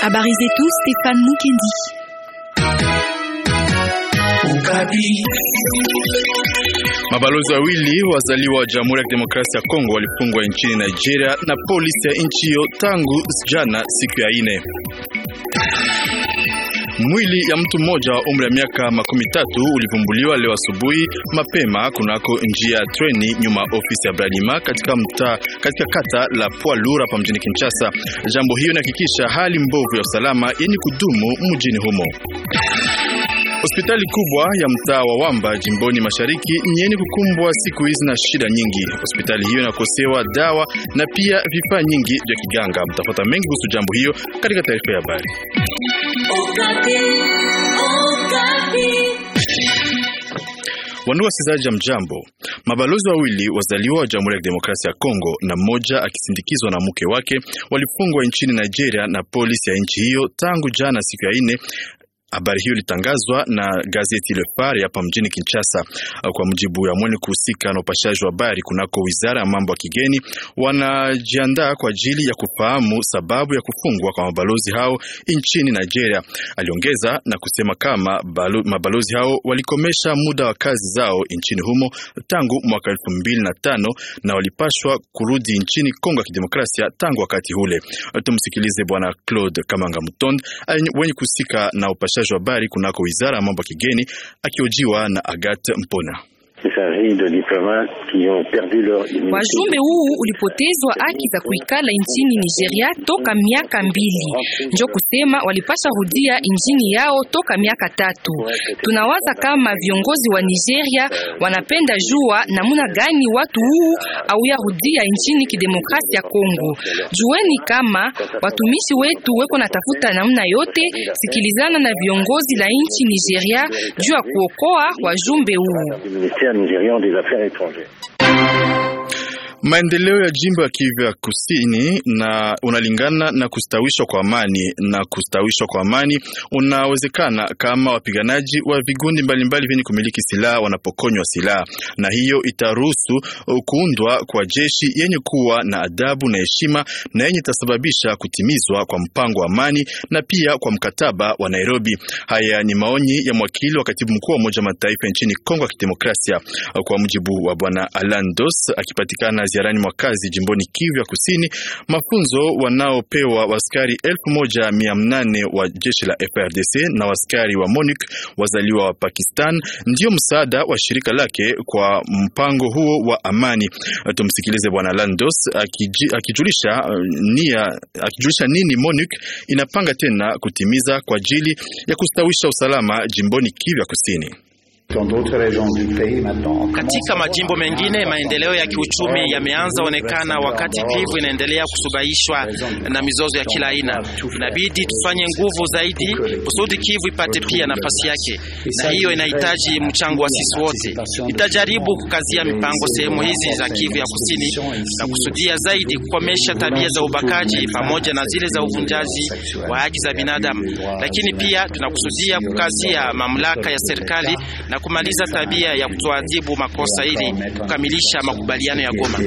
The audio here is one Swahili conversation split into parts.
Habari zetu Stéphane Mukendi. Mabalozi wawili wazaliwa wa Jamhuri ya Kidemokrasia ya Kongo walifungwa nchini Nigeria na polisi ya nchi hiyo tangu jana siku ya ine. Mwili ya mtu mmoja wa umri wa miaka makumi tatu ulivumbuliwa leo asubuhi mapema kunako njia ya treni nyuma ofisi ya Branima katika mtaa katika kata la Pwalura pa mjini Kinshasa. Jambo hiyo inahakikisha hali mbovu ya usalama yenye kudumu mjini humo. Hospitali kubwa ya mtaa wa Wamba jimboni mashariki yenye kukumbwa siku hizi na shida nyingi. Hospitali hiyo inakosewa dawa na pia vifaa nyingi vya kiganga. Mtafuta mengi kuhusu jambo hiyo katika taarifa ya habari. Wandugu wasikilizaji, ya mjambo. Mabalozi wawili wazaliwa wa Jamhuri ya Kidemokrasia ya Kongo na mmoja akisindikizwa na mke wake walifungwa nchini Nigeria na polisi ya nchi hiyo tangu jana siku ya ine Habari hiyo ilitangazwa na gazeti Le Phare hapa mjini Kinshasa. Kwa mujibu ya mwoni kuhusika na upashaji wa habari kunako wizara ya mambo ya kigeni, wanajiandaa kwa ajili ya kufahamu sababu ya kufungwa kwa mabalozi hao nchini Nigeria. Aliongeza na kusema kama balu, mabalozi hao walikomesha muda wa kazi zao nchini humo tangu mwaka elfu mbili na tano na walipashwa kurudi nchini Kongo ya Kidemokrasia tangu wakati ule. Tumsikilize Bwana Claude Kamanga Mutonde wenye kuhusika na upashaji upashaji wa habari kunako wizara ya mambo ya kigeni, akiojiwa na Agat Mpona. Wajumbe huu ulipotezwa haki za kuikala nchini Nigeria toka miaka mbili, njo kusema walipasha rudia nchini yao toka miaka tatu. Tunawaza kama viongozi wa Nigeria wanapenda jua namuna gani watu huu auyarudia rudia nchini kidemokrasia Kongo. Jueni kama watumishi wetu weko na tafuta namuna yote sikilizana na viongozi la nchi Nigeria juu ya kuokoa wajumbe huu. nous irions des Affaires étrangères. Maendeleo ya jimbo ya Kivu ya Kusini na unalingana na kustawishwa kwa amani, na kustawishwa kwa amani unawezekana kama wapiganaji wa vigundi mbalimbali vyenye kumiliki silaha wanapokonywa silaha, na hiyo itaruhusu kuundwa kwa jeshi yenye kuwa na adabu na heshima na yenye itasababisha kutimizwa kwa mpango wa amani na pia kwa mkataba wa Nairobi. Haya ni maoni ya mwakili wa katibu mkuu wa Umoja wa Mataifa nchini Kongo ya Kidemokrasia, kwa mujibu wa bwana Alan Dos akipatikana ziarani mwa kazi jimboni Kivu ya Kusini. Mafunzo wanaopewa waskari 1800 wa jeshi la FRDC na waskari wa MONUC wazaliwa wa Pakistan ndio msaada wa shirika lake kwa mpango huo wa amani. Tumsikilize Bwana Landos akijulisha uh, nia akijulisha nini MONUC inapanga tena kutimiza kwa ajili ya kustawisha usalama jimboni Kivu ya Kusini. Katika majimbo mengine maendeleo ya kiuchumi yameanza onekana, wakati Kivu inaendelea kusubaishwa na mizozo ya kila aina. Inabidi tufanye nguvu zaidi kusudi Kivu ipate pia nafasi yake, na hiyo inahitaji mchango wa sisi wote. itajaribu kukazia mipango sehemu hizi za Kivu ya kusini na kusudia zaidi kukomesha tabia za ubakaji pamoja na zile za uvunjaji wa haki za binadamu, lakini pia tunakusudia kukazia mamlaka ya serikali na na kumaliza tabia ya kutoadhibu makosa ili kukamilisha makubaliano ya Goma.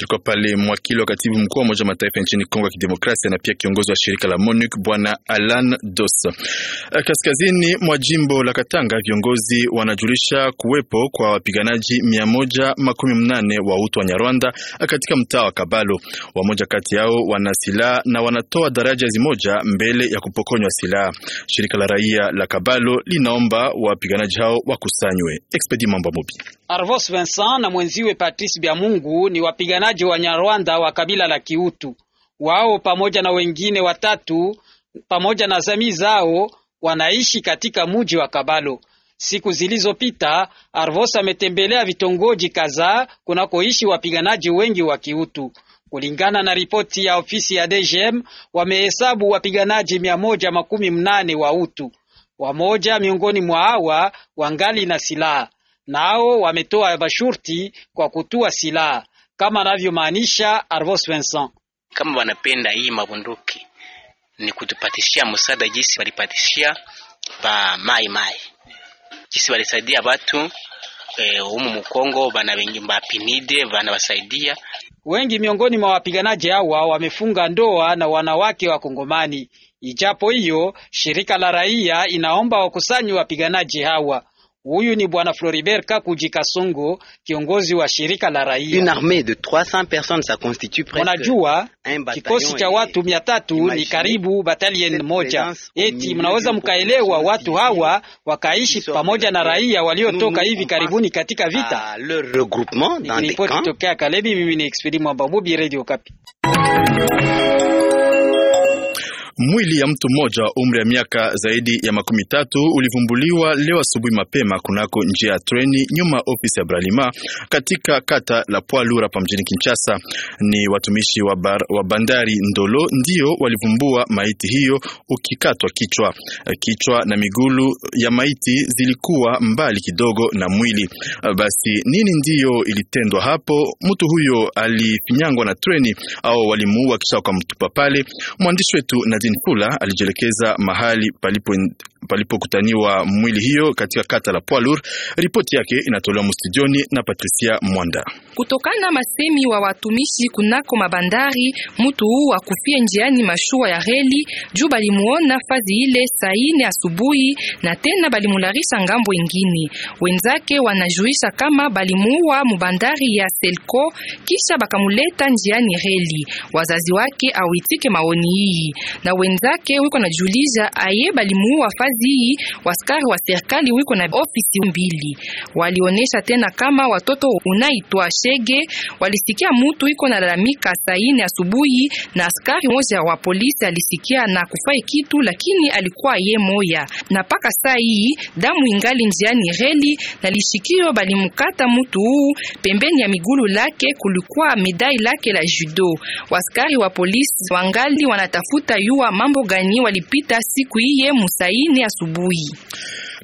Tulikuwa pale mwakili wa katibu mkuu wa Umoja wa Mataifa nchini Kongo ya Kidemokrasia na pia kiongozi wa shirika la MONUC Bwana Alan Dos. Eh, kaskazini mwa jimbo la Katanga, viongozi wanajulisha kuwepo kwa wapiganaji 118 wa utu wa Nyarwanda eh, katika mtaa wa Kabalo. Wamoja kati yao wana silaha na wanatoa daraja zimoja mbele ya kupokonywa silaha. Shirika la raia la Kabalo linaomba wapiganaji hao wakusanywe. Expedi Mambo Mobi. Arvos Vincent na mwenziwe Patrice Biamungu ni wapiganaji wapiganaji Nyarwanda wa kabila la Kiutu. Wao pamoja na wengine watatu pamoja na jamii zao wanaishi katika muji wa Kabalo. Siku zilizopita Arvos ametembelea vitongoji kadhaa kunakoishi wapiganaji wengi wa kiutu Kulingana na ripoti ya ofisi ya DGM, wamehesabu wapiganaji mia moja makumi mnane wa utu Wamoja miongoni mwa hawa wangali na silaha, nao wametoa bashurti kwa kutua silaha kama anavyomaanisha Arvos Vincent. Kama wanapenda hii mabunduki ni kutupatishia msaada, jinsi walipatishia ba mai mai, jinsi walisaidia watu e, eh, umu mkongo bana wengi bana wasaidia wengi. Miongoni mwa wapiganaji hawa wamefunga ndoa na wanawake wa Kongomani. Ijapo hiyo, shirika la raia inaomba wakusanyi wapiganaji hawa Huyu ni bwana Floribert Kakuji Kasongo, kiongozi wa shirika la raia. Une armée de 300 personnes ça constitue presque. Unajua kikosi cha watu 300 ni karibu batalion moja. Eti mnaweza mkaelewa watu hawa wakaishi pamoja na raia waliotoka hivi karibuni katika vita. Regroupement dans des camps. Ripoti tokea Kalebi, mimi ni Expedimwa Babubi, Radio Kapi. Mwili ya mtu mmoja wa umri ya miaka zaidi ya makumi tatu ulivumbuliwa leo asubuhi mapema kunako njia ya treni nyuma ofisi ya Bralima katika kata la Pwalura pa mjini Kinshasa. Ni watumishi wa, bar, wa bandari Ndolo ndio walivumbua maiti hiyo ukikatwa kichwa. Kichwa na migulu ya maiti zilikuwa mbali kidogo na mwili. Basi nini ndiyo ilitendwa hapo? Mtu huyo alifinyangwa na treni au walimuua kisha wakamtupa pale? Mwandishi wetu Nadine Martin alijielekeza mahali palipokutaniwa palipo mwili hiyo katika kata la Pwalur. Ripoti yake inatolewa mstudioni na Patricia Mwanda. Kutokana na masemi wa watumishi kunako mabandari, mtu huu akufia njiani mashua ya reli juu balimuona fazi ile saine asubuhi na tena balimularisha ngambo ingine. Wenzake wanajuisha kama balimuua mubandari ya Selco kisha bakamuleta njiani reli. Wazazi wake awitike maoni hii na wenzake wiko julija aye balimuua fazi hii. Waskari wa serikali wiko na ofisi mbili, walionesha tena kama watoto unaitwa Shege walisikia mutu wiko na lalamika saini asubuhi, na askari moja wa polisi alisikia na kufai kitu, lakini alikuwa ye moya, na paka saa hii damu ingali njiani reli na lishikio balimukata mutu huu pembeni ya migulu lake, kulikuwa medai lake la judo. Waskari wa polisi wangali wanatafuta yu kujua mambo gani walipita siku iye musaini asubuhi.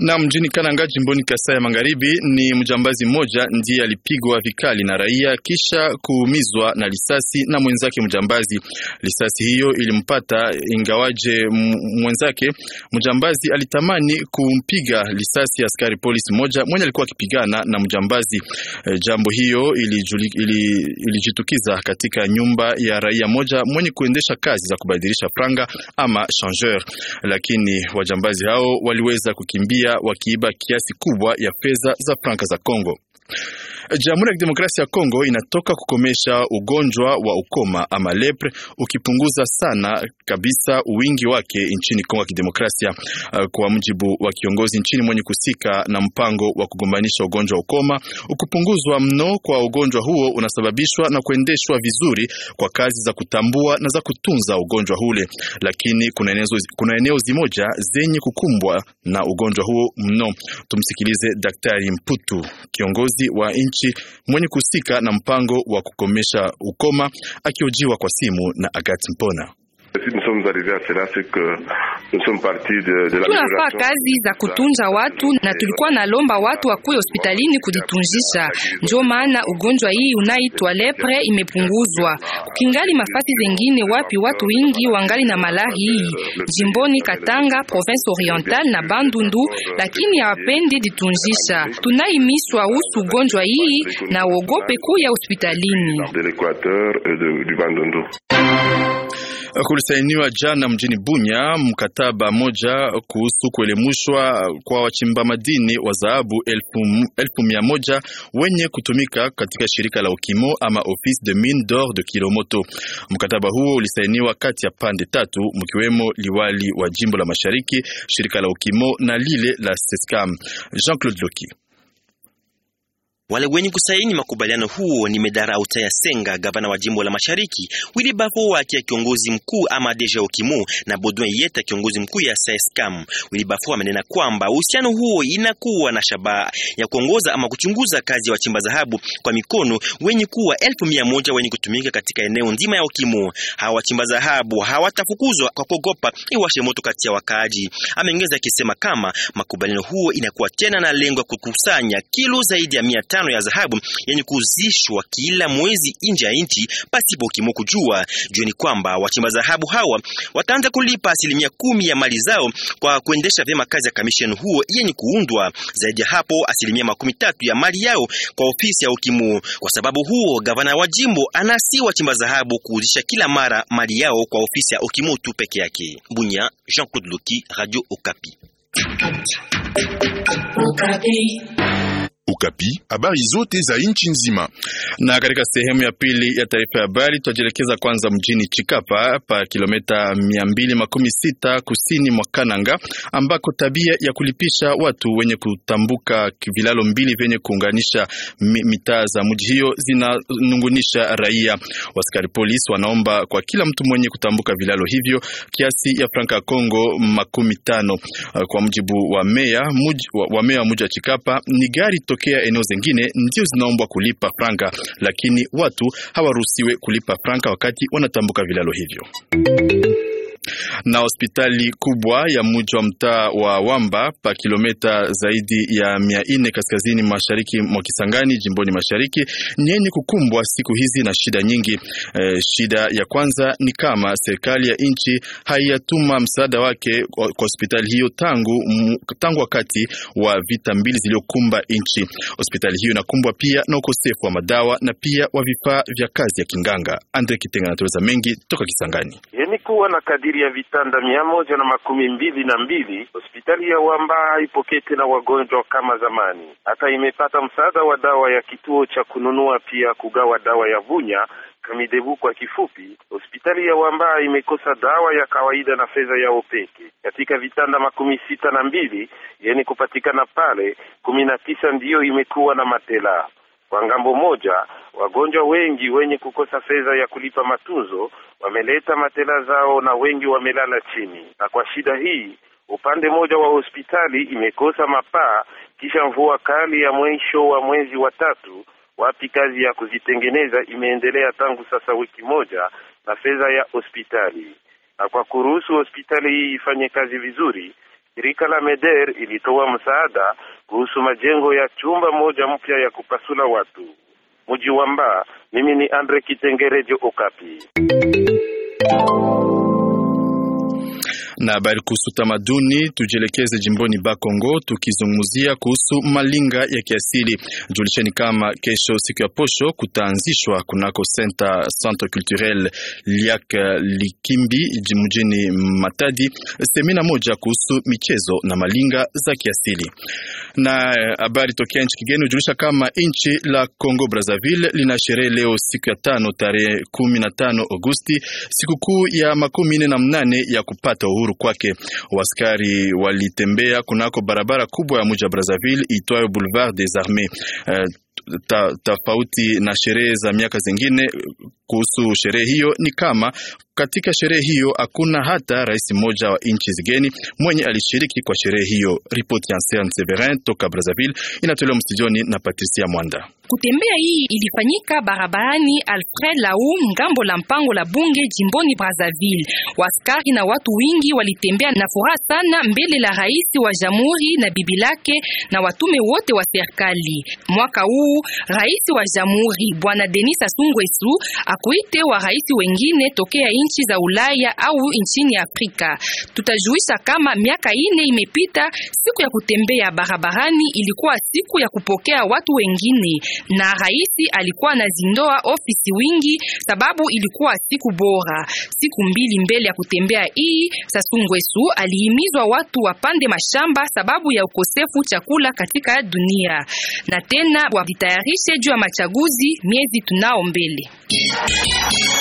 Na mjini Kananga jimboni Kasai ya Magharibi ni mjambazi mmoja ndiye alipigwa vikali na raia kisha kuumizwa na lisasi na mwenzake mjambazi. Lisasi hiyo ilimpata ingawaje mwenzake mjambazi alitamani kumpiga lisasi askari polisi mmoja mwenye alikuwa akipigana na mjambazi. E, jambo hiyo ilijitukiza ili, ili katika nyumba ya raia moja mwenye kuendesha kazi za kubadilisha pranga ama changeur, lakini wajambazi hao waliweza kukimbia wakiiba kiasi kubwa ya fedha za franka za Kongo. Jamhuri ya Kidemokrasia ya Kongo inatoka kukomesha ugonjwa wa ukoma ama lepre, ukipunguza sana kabisa wingi wake nchini Kongo ya Kidemokrasia, uh, kwa mujibu wa kiongozi nchini mwenye kusika na mpango wa kugombanisha ugonjwa wa ukoma. Ukupunguzwa mno kwa ugonjwa huo unasababishwa na kuendeshwa vizuri kwa kazi za kutambua na za kutunza ugonjwa hule, lakini kuna eneo, kuna eneo zimoja zenye kukumbwa na ugonjwa huo mno. Tumsikilize Daktari Mputu, kiongozi wa nchi nchi mwenye kuhusika na mpango wa kukomesha ukoma, akiojiwa kwa simu na Agat Mpona. Si nous sommes arrivés à cela, c'est que nous sommes partis de, de la tunafaa kazi za kutunza watu na tulikuwa nalomba watu wakuye hospitalini kujitunzisha. Ndio maana ugonjwa hii unaitwa lepre imepunguzwa. Kingali mafasi zengine wapi watu wingi wangali na malari hii jimboni Katanga, province orientale na Bandundu, lakini hawapendi jitunzisha. Tunaimiswa usu ugonjwa hii na uogope kuya hospitalini. de kulisainiwa jana mjini Bunya mkataba moja kuhusu kuelemushwa kwa wachimba madini wa dhahabu elfu mia moja wenye kutumika katika shirika la Ukimo ama Office de Mine d'Or de Kilomoto. Mkataba huo ulisainiwa kati ya pande tatu, mkiwemo liwali wa jimbo la Mashariki, shirika la Ukimo na lile la Sescam. Jean-Claude Loki wale wenye kusaini makubaliano huo ni Medara Utaya Senga, gavana wa jimbo la Mashariki, Willy Bafoa akiwa kiongozi mkuu ama Deja Okimu na Baudouin Yeta kiongozi mkuu ya SESCAM. Willy amenena kwamba uhusiano huo inakuwa na shabaha ya kuongoza ama kuchunguza kazi ya wa wachimba dhahabu kwa mikono wenye kuwa elfu mia moja wenye kutumika katika eneo nzima ya Okimu. Hawa wachimba dhahabu hawatafukuzwa kwa kuogopa iwashe moto kati ya wakaaji. Ameongeza akisema kama makubaliano huo inakuwa tena na lengo ya kukusanya kilo zaidi ya mia tano ya dhahabu yenye kuuzishwa kila mwezi nje ya nchi pasipo kimoku jua. Jueni kwamba wachimba dhahabu hawa wataanza kulipa asilimia kumi ya mali zao kwa kuendesha vyema kazi ya kamisheni huo yenye kuundwa. Zaidi ya hapo, asilimia makumi tatu ya mali yao kwa ofisi ya ukimu. Kwa sababu huo, gavana wa jimbo anasi wachimba dhahabu kuuzisha kila mara mali yao kwa ofisi ya ukimu tu peke yake. Bunya, Jean Claude Loki, Radio Okapi. Okapi. Ukapi, habari zote za nchi nzima. Na katika sehemu ya pili ya taarifa ya habari tutajielekeza kwanza mjini Chikapa pa kilomita 216 kusini mwa Kananga, ambako tabia ya kulipisha watu wenye kutambuka vilalo mbili vyenye kuunganisha mitaa za mji hiyo zinanungunisha raia. Waskari polisi wanaomba kwa kila mtu mwenye kutambuka vilalo hivyo kiasi ya franka Kongo makumi tano. Kwa mujibu wa meya wa meya mji wa Chikapa ni gari toke kutokea eneo zingine ndio zinaombwa kulipa franga, lakini watu hawaruhusiwe kulipa franga wakati wanatambuka vilalo hivyo na hospitali kubwa ya mji wa mtaa wa Wamba pa kilomita zaidi ya mia nne kaskazini mashariki mwa Kisangani jimboni mashariki nyenye kukumbwa siku hizi na shida nyingi. E, shida ya kwanza ni kama serikali ya nchi haiyatuma msaada wake kwa hospitali hiyo tangu, tangu wakati wa vita mbili ziliokumba nchi. Hospitali hiyo inakumbwa pia na ukosefu wa madawa na pia wa vifaa vya kazi ya kinganga. Andre Kitenga anatueleza mengi toka Kisangani. Yenikuwa na kadiri ya vitanda mia moja na makumi mbili na mbili. Hospitali ya Wamba ipokee tena wagonjwa kama zamani. Hata imepata msaada wa dawa ya kituo cha kununua pia kugawa dawa ya Vunya Kamidebu kwa kifupi. Hospitali ya Wamba imekosa dawa ya kawaida na fedha ya opeke Katika vitanda makumi sita na mbili yani kupatikana pale, kumi na tisa ndiyo imekuwa na matela. Kwa ngambo moja, wagonjwa wengi wenye kukosa fedha ya kulipa matunzo wameleta matela zao na wengi wamelala chini, na kwa shida hii upande mmoja wa hospitali imekosa mapaa kisha mvua kali ya mwisho wa mwezi wa tatu, wapi kazi ya kuzitengeneza imeendelea tangu sasa wiki moja na fedha ya hospitali. Na kwa kuruhusu hospitali hii ifanye kazi vizuri, shirika la Meder ilitoa msaada kuhusu majengo ya chumba moja mpya ya kupasula watu muji wa Mba. Mimi ni Andre Kitengerejo Okapi. Na habari kuhusu tamaduni, tujielekeze jimboni Bakongo tukizungumzia kuhusu malinga ya kiasili. Julisheni kama kesho siku ya posho kutaanzishwa kunako senta Centre Culturel Liak Likimbi mjini Matadi semina moja kuhusu michezo na malinga za kiasili. Na eh, habari tokea nchi kigeni, hujulisha kama nchi la Congo Brazzaville linasherehe leo siku ya tano tarehe kumi na tano Agosti sikukuu ya makumi nne na mnane ya kupata uhuru uhuru kwake. Waskari walitembea kunako barabara kubwa ya mji wa Brazzaville itwayo Boulevard des armées Uh, tofauti ta, na sherehe za miaka zingine kuhusu sherehe hiyo ni kama katika sherehe hiyo hakuna hata rais mmoja wa nchi zigeni mwenye alishiriki kwa sherehe hiyo. Ripoti ya Anselme Severin toka Brazzaville inatolewa msijoni na Patricia Mwanda. Kutembea hii ilifanyika barabarani Alfred Lau ngambo la mpango la bunge jimboni Brazzaville. Waskari na watu wingi walitembea na furaha sana mbele la rais wa jamhuri na bibi lake na watume wote wa serikali. Mwaka huu rais wa jamhuri bwana Denis Sassou a kuite wa rais wengine tokea nchi za Ulaya au nchini Afrika. Tutajuisha kama miaka ine imepita, siku ya kutembea barabarani ilikuwa siku ya kupokea watu wengine, na rais alikuwa anazindoa ofisi wingi sababu ilikuwa siku bora. Siku mbili mbele ya kutembea hii, Sasungwesu alihimizwa watu wapande mashamba sababu ya ukosefu chakula katika dunia, na tena wajitayarishe juu ya machaguzi miezi tunao mbele. Yeah.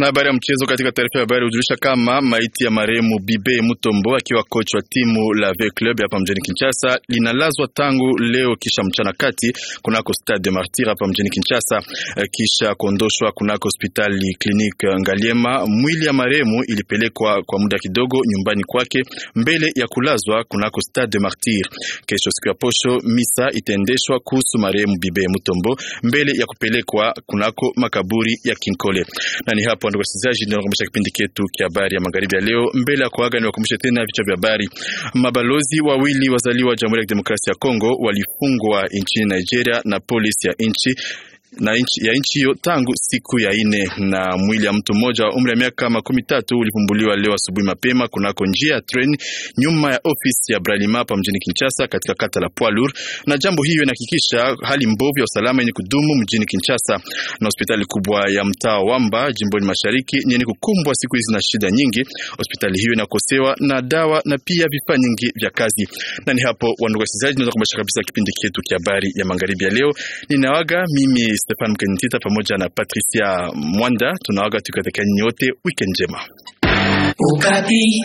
Na habari ya mchezo katika taarifa ya habari hujulisha kama maiti ya marehemu Bibe Mutombo akiwa kocha wa timu la V Club hapa mjini Kinshasa linalazwa tangu leo kisha mchana kati kunako Stade de Martyrs hapa mjini Kinshasa eh, kisha kuondoshwa kunako hospitali Clinique Ngaliema. Mwili ya marehemu ilipelekwa kwa muda kidogo nyumbani kwake mbele ya kulazwa kunako Stade de Martyrs. Kesho siku ya posho, misa itaendeshwa kuhusu marehemu Bibe Mutombo mbele ya kupelekwa kunako makaburi ya Kinkole. Na ni hapo Wapendwa wasikilizaji, ninakumbusha kipindi chetu cha habari ya magharibi ya leo. Mbele ya kuaga, niwakumbushe tena vichwa vya habari. Mabalozi wawili wazaliwa wa Jamhuri ya Kidemokrasia ya Kongo walifungwa nchini Nigeria na polisi ya nchi na inchi, ya nchi hiyo tangu siku ya ine. Na mwili ya mtu mmoja wa umri ya miaka makumi tatu ulivumbuliwa leo asubuhi mapema kunako njia ya treni nyuma ya ofisi ya Bralima hapa mjini Kinshasa katika kata la Poilur, na jambo hiyo inahakikisha hali mbovu ya usalama yenye kudumu mjini Kinshasa na hospitali kubwa ya mtaa Wamba jimboni mashariki yenye kukumbwa siku hizi na shida nyingi. Hospitali hiyo inakosewa na dawa na pia vifaa nyingi vya kazi, na ni hapo wandugu wasikilizaji, tunaweza kumbasha kabisa kipindi chetu cha habari ya magharibi ya leo. Ninawaga mimi Stefan Mkenitita pamoja na Patricia Mwanda, tunawaaga tukiwatakia nyote weekend njema. Ukati.